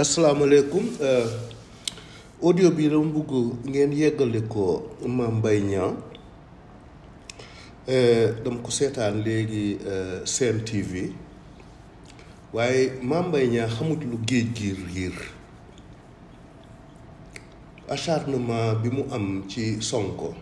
asalaamaaleykum euh, audio bi dama bëgg ngeen yeggale ko Mame Mbaye Niang euh, dama ko seetaan léegi euh, Sen TV waaye lu géej gi riir acharnement bi mu am ci Sonko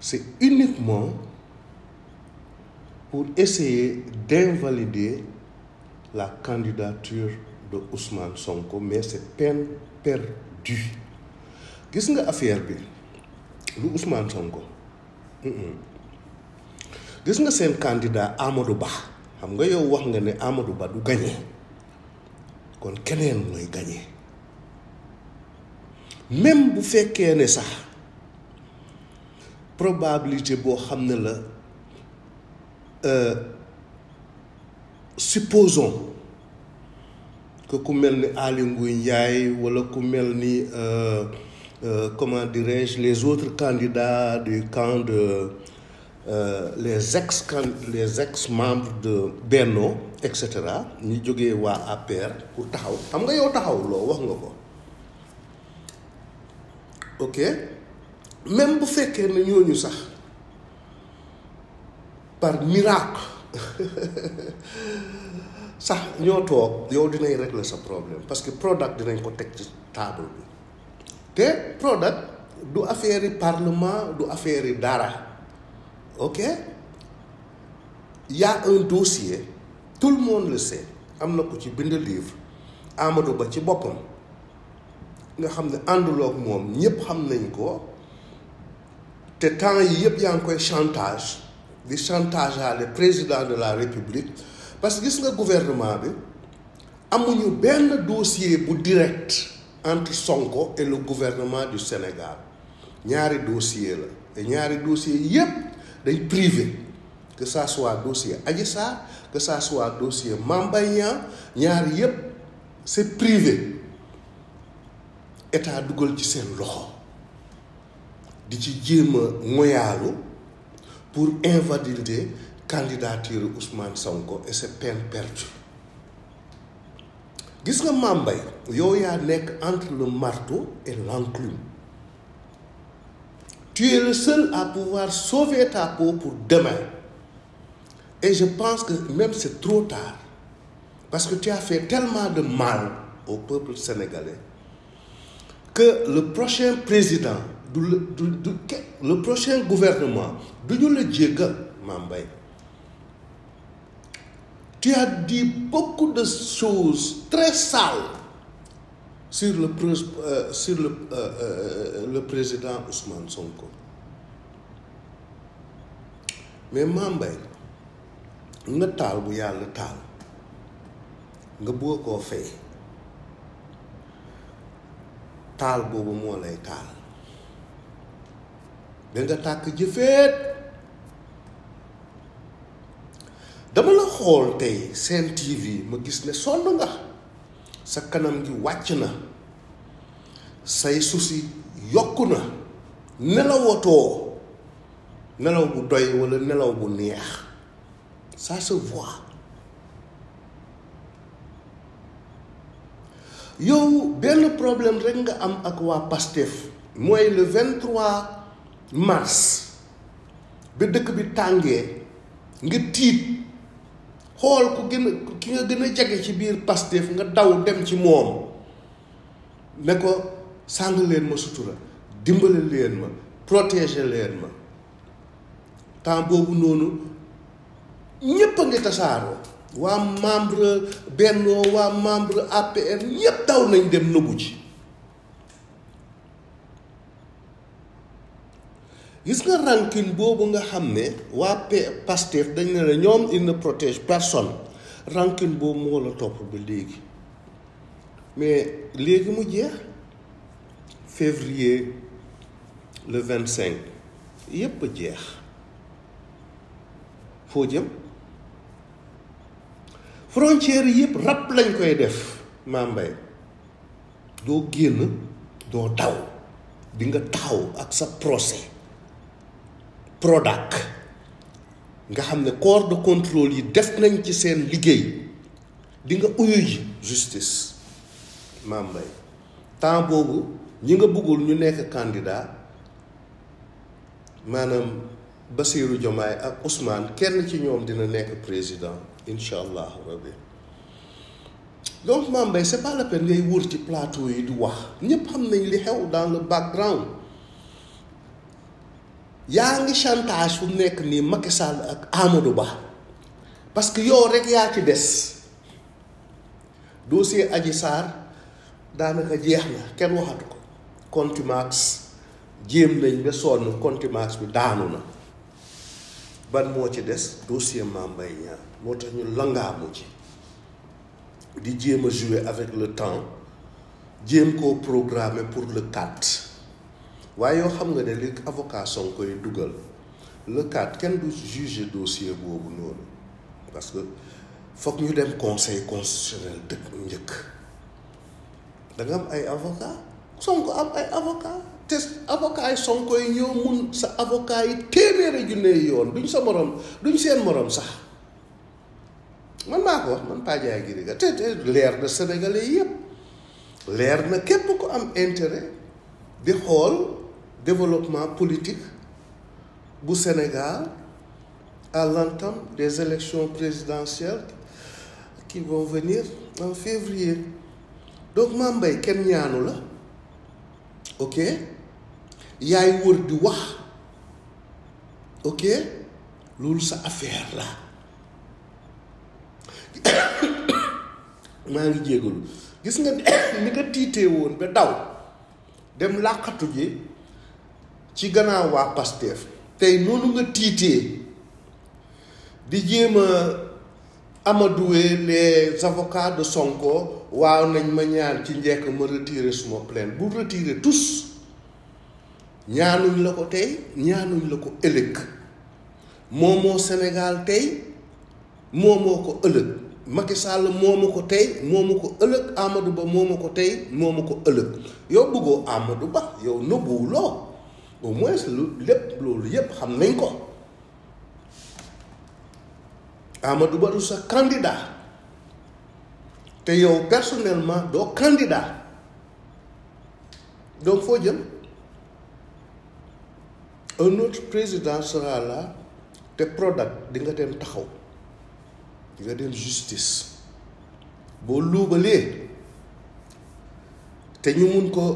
c'est uniquement pour essayer d'invalider la candidature de Ousmane Sonko mais c'est peine perdue gis nga affaire bi lu Ousmane Sonko gis nga un candidat Amadou Ba xam nga yow wax nga ne Amadou Ba du gagner. kon keneen mooy gagner. même bu fekkee ne sax probabilité boo xam ne la euh, supposons que ku mel ni Aly Ndiaye wala ku mel ni euh, euh, comment dirais-je les autres candidats du camp de euh, les ex les ex membres de Benno etc. Ni ñu wa APR pour taxaw xam nga yow taxaw lo wax nga ko ok même bu fekkee ne ñooñu sax par miracle sax ñoo toog yow dinañ régler sa problème parce que Prodac dinañ ko teg ci table bi te Prodac du affaire yi parlement du affaire dara ok y a un dossier tout le monde le sait am na ko ci bind livre Amadou Ba ci boppam nga xam ne ànduloog moom ñëpp xam nañ ko te temps yi yëpp yaa ngi koy chantage di chantage à le président de la république parce que gis gouvernement bi amuñu benn dossier bu direct entre Sonko et le gouvernement du Sénégal ñaari dossier la et ñaari dossier yépp day privé que ça soit dossier à que ça soit dossier Mambayan Mbaye Niang ñaar yépp c'est privé état dugal ci seen loxo di ci jéem a pour invalider candidature Ousmane Sonko et c'est peine perdue gis nga Mambay, yow yaa entre le marteau et l'enclume tu es le seul à pouvoir sauver ta peau pour demain et je pense que même c'est trop tard parce que tu as fait tellement de mal au peuple sénégalais que le prochain président le prochain gouvernement du le Diego Mambay tu as dit beaucoup de choses très sales sur le, euh, sur le, euh, euh, le président Ousmane Sonko. mais Mambay nga tal bu tal, taal nga bëgg koo fay taal boobu tal lay taal da nga tàkk jëfeet xool tey seen TV ma gis ne sonn nga sa kanam gi wàcc na say souci yokk na nelawatoo nelaw bu doy walla nelaw bu neex ça se voit yow benn problème rekk nga am ak waa PASTEF mooy le 23 mars bi dëkk bi tàngee nga tiit xool ku gën a ki nga gën a jege ci biir Pastef nga daw dem ci moom ne ko sàng leen ma sutura dimbale leen ma protéger leen ma temps boobu noonu ñépp a ngi tasaaroo waa membre Benno waa membre APR ñépp daw nañ dem nëbbu ci gis nga rancune boobu nga xam ne waa Pastef dañ ne la ñoom il ne protège personne rancune boobu moo la topp ba léegi mais léegi mu jeex février le vingt cinq yépp a jeex foo jëm frontières yi yëpp rab lañ koy def maa doo génn doo daw di nga taxaw ak sa procès Prodac nga xam ne corps de contrôle yi def nañ ci seen liggéey di nga uyu ji justice maam mbay temps boobu ñi nga bëggul ñu nekk candidat maanaam Bassirou Diomaye ak Ousmane kenn ci ñoom dina nekk président incha allah rabbi donc maam mbay c'est pas la peine ngay wër ci plateau yi du wax ñëpp xam nañ li xew dans le background chantage fu nekk ak parce que yow rek ci des dossier Adji Sarr daanaka jeex na kenn waxatu ko Max jéem nañ ba sonn Max bi daanu ban des dossier Mame Mbaye moo tax ñu ci di jouer avec le temps jéem koo programmer pour le 4 waaye yoo xam nga ne li avocat Sonko le cadre kenn du juger dossier boobu noonu parce que nous ñu dem conseil constitutionnel dëkk njëkk da nga am ay avocat Sonko am ay avocat te avocat yi Sonko yi ñoo mun sa avocat yi yoon duñ sa morom duñ seen morom sax man maa wax man Paa te te leer na sénégalais yëpp na képp ku am intérêt di xool développement politique du Sénégal à l'entente des élections présidentielles qui vont venir en février donc Mame Mbaye kenn ñaanu la ok a wër di wax ok loolu sa affaire la maa ngi jégalu gis nga ni nga tiitee woon ba daw dem làqatu ji ci gannaaw waa Pastef tey noonu nga tiitee di jéem a amadouer les de Sonko waaw nañ ma ñaan ci njekk ma retirer suma plainte bu retirer tous ñaanuñ la ko tey ñaanuñ la ko ëllëg moomoo Sénégal tey moomoo ko ëllëg Macky Sall ko tey moomu ko ëllëg Amadou Ba moomu ko tey moomu ko ëllëg yow bëggoo Amadou Ba yow nëbbuwuloo au moins lu lépp loolu yépp xam nañ ko Amadou Ba sa candidat te yow personnellement do candidat donc fo jëm un autre président sera là te Prodac di nga dem taxaw di nga dem justice boo luubalee te ñu mën ko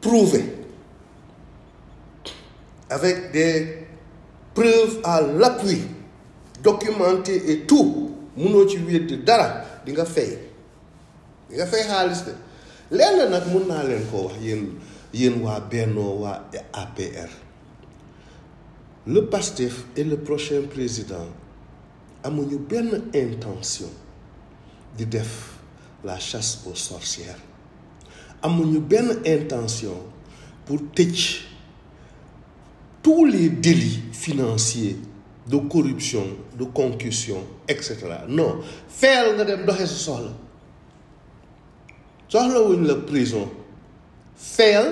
prouver avec des preuves à l'appui documentées et tout mon ci dara di nga fay di nga fay haliste de lenn nag mun naa leen wax APR le PASTEF et le prochain président une bonne intention de faire la chasse aux sorcières une bonne intention pour teach tous les délits financiers de corruption de concussion etc. non faire nous dem faire. sa soxla soxlawuñ la prison faire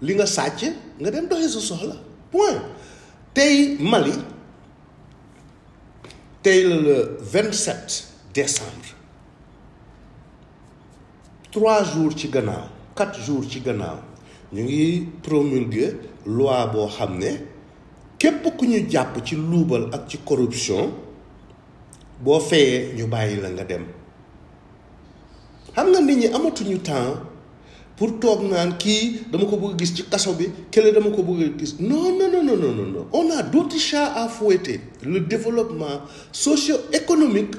nous devons faire nga dem de soxla point tey Mali tey le 27 décembre trois jours ci Ghana... quatre jours ci Ghana... Nous avons promulgué... lwa bo hamne, kepo kwenye diap ki loubol ati korupsyon, bo feye, nyobayi lan gadem. Ham nan denye, amotou nyoutan, pou tok nan ki, damo koubou gis chikasoube, kele damo koubou gis. Non, non, non, non, non, non. On a doti sha afouete, le devolopman, sosyo-ekonomik,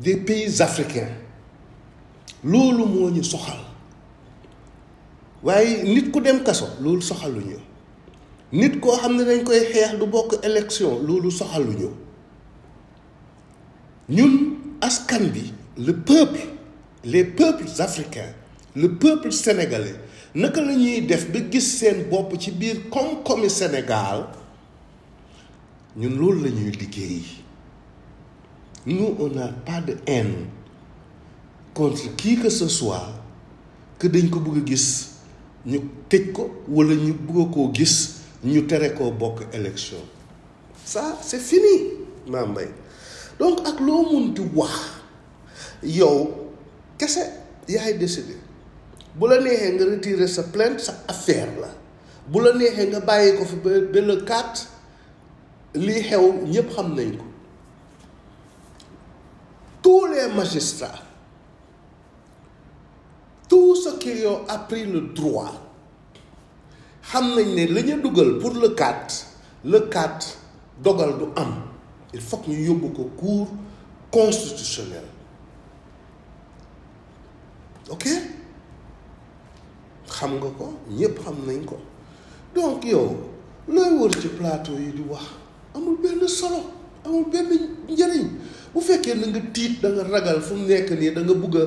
de peyiz Afrika. Lolo mounye sohal. waaye nit ku dem kaso loolu soxaluñu nit koo xam ne dañ koy xeex du bokk élection loolu soxaluñu ñun askan bi le peuple les peuples africains le peuple sénégalais naka la ñuy def ba gis seen bopp ci biir koom-koomi Sénégal ñun loolu la ñuy liggéey nous on a pas de haine contre qui que ce soit que dañ ko bëgg a gis ñu tëj ko wala ñu bëgg koo gis ñu tere koo bokk élection ça c'est fini Mame Mbaye donc ak loo mun di wax yow kese yaay décidé bu la neexee nga retirer sa plainte sa affaire la bu la neexee nga bàyyi ko fi ba ba le quatre lii xew ñépp xam nañ ko tous les magistrats tout ce qui a appris le droit xam ne pour le cadre le cadre dogal du il faut que ñu yóbbu ko cour constitutionnel ok xam nga ko ñëpp xam nañ ko donc yow looy wër ci plateau yi di wax amul benn solo amul benn njëriñ bu fekkee na nga tiit da nga ragal fu nekk nii danga nga bugg a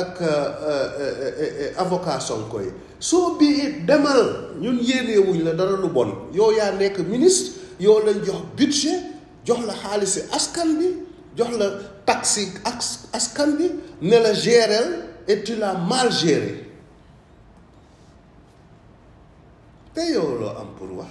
ak euh, euh, euh, avocat Sonko soo bii demal ñun yéeneewuñ la dara lu bon yow yaa nekk ministre yow lañ jox budget jox la xaalisi askan bi jox la taxi askan bi ne la géreel et tu l'as mal géré yow loo am pour wax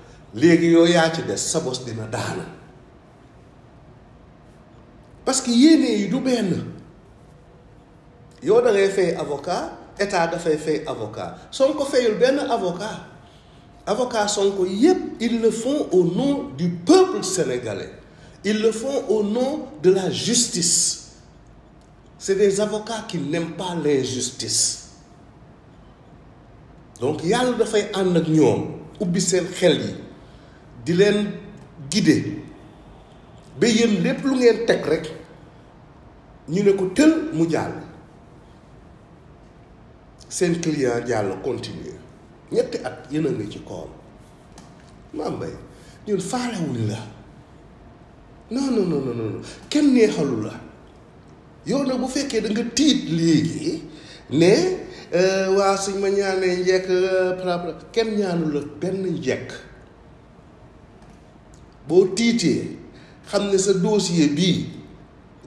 Les gens yaa ci des sabots dina parce que yéene yi du benn yow da ngay fay avocat état dafay fay avocat Sonko fayul benn avocat avocat Sonko yépp ils le font au nom du peuple sénégalais ils le font au nom de la justice c'est des avocats qui n'aiment pas l'injustice donc yàlla dafay ànd ak ñoom ubbi seen xel yi di len guider be yeen lepp lu ngeen tek rek ñu ne ko teul mu jall sen client jall continuer ñetti at yeena nga ci koom maam bay ñun faalewuñ la non non non non non neexalu la yow nag bu fekkee da nga tiit léegi ne euh, waa suñ ma ñaanee njekk euh, pra ken ñaanu la benn njekk boo tiitee xam ne sa dossier bii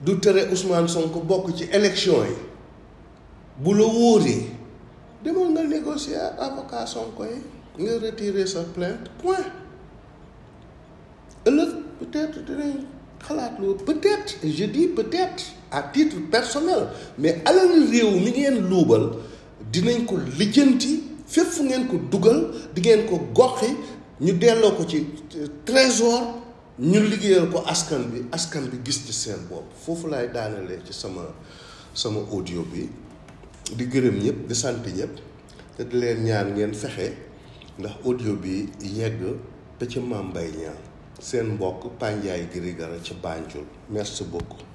du tere Ousmane Sonko bokk ci élection yi bu la wóoree demal nga négocier avocat Sonko yi nga retirer sa plainte point ëllëg peut-être dinañ xalaat loolu peut-être je dis peut-être à titre personnel mais alal réew mi ngeen luubal dinañ ko lijjanti fépp fu ngeen ko dugal di ngeen ko goxi ñu delloo ko ci trésor ñu liggéeyal ko askan bi askan bi gis ci seen bopp foofu laay daanelee ci sama sama audio bi di gërëm ñëpp di sant ñëpp te di leen ñaan ngeen fexe ndax audio bi yegg te ci Mame Mbaye Niang seen mbokk Pandiaye Guèye Gara ci Banjul merci beaucoup.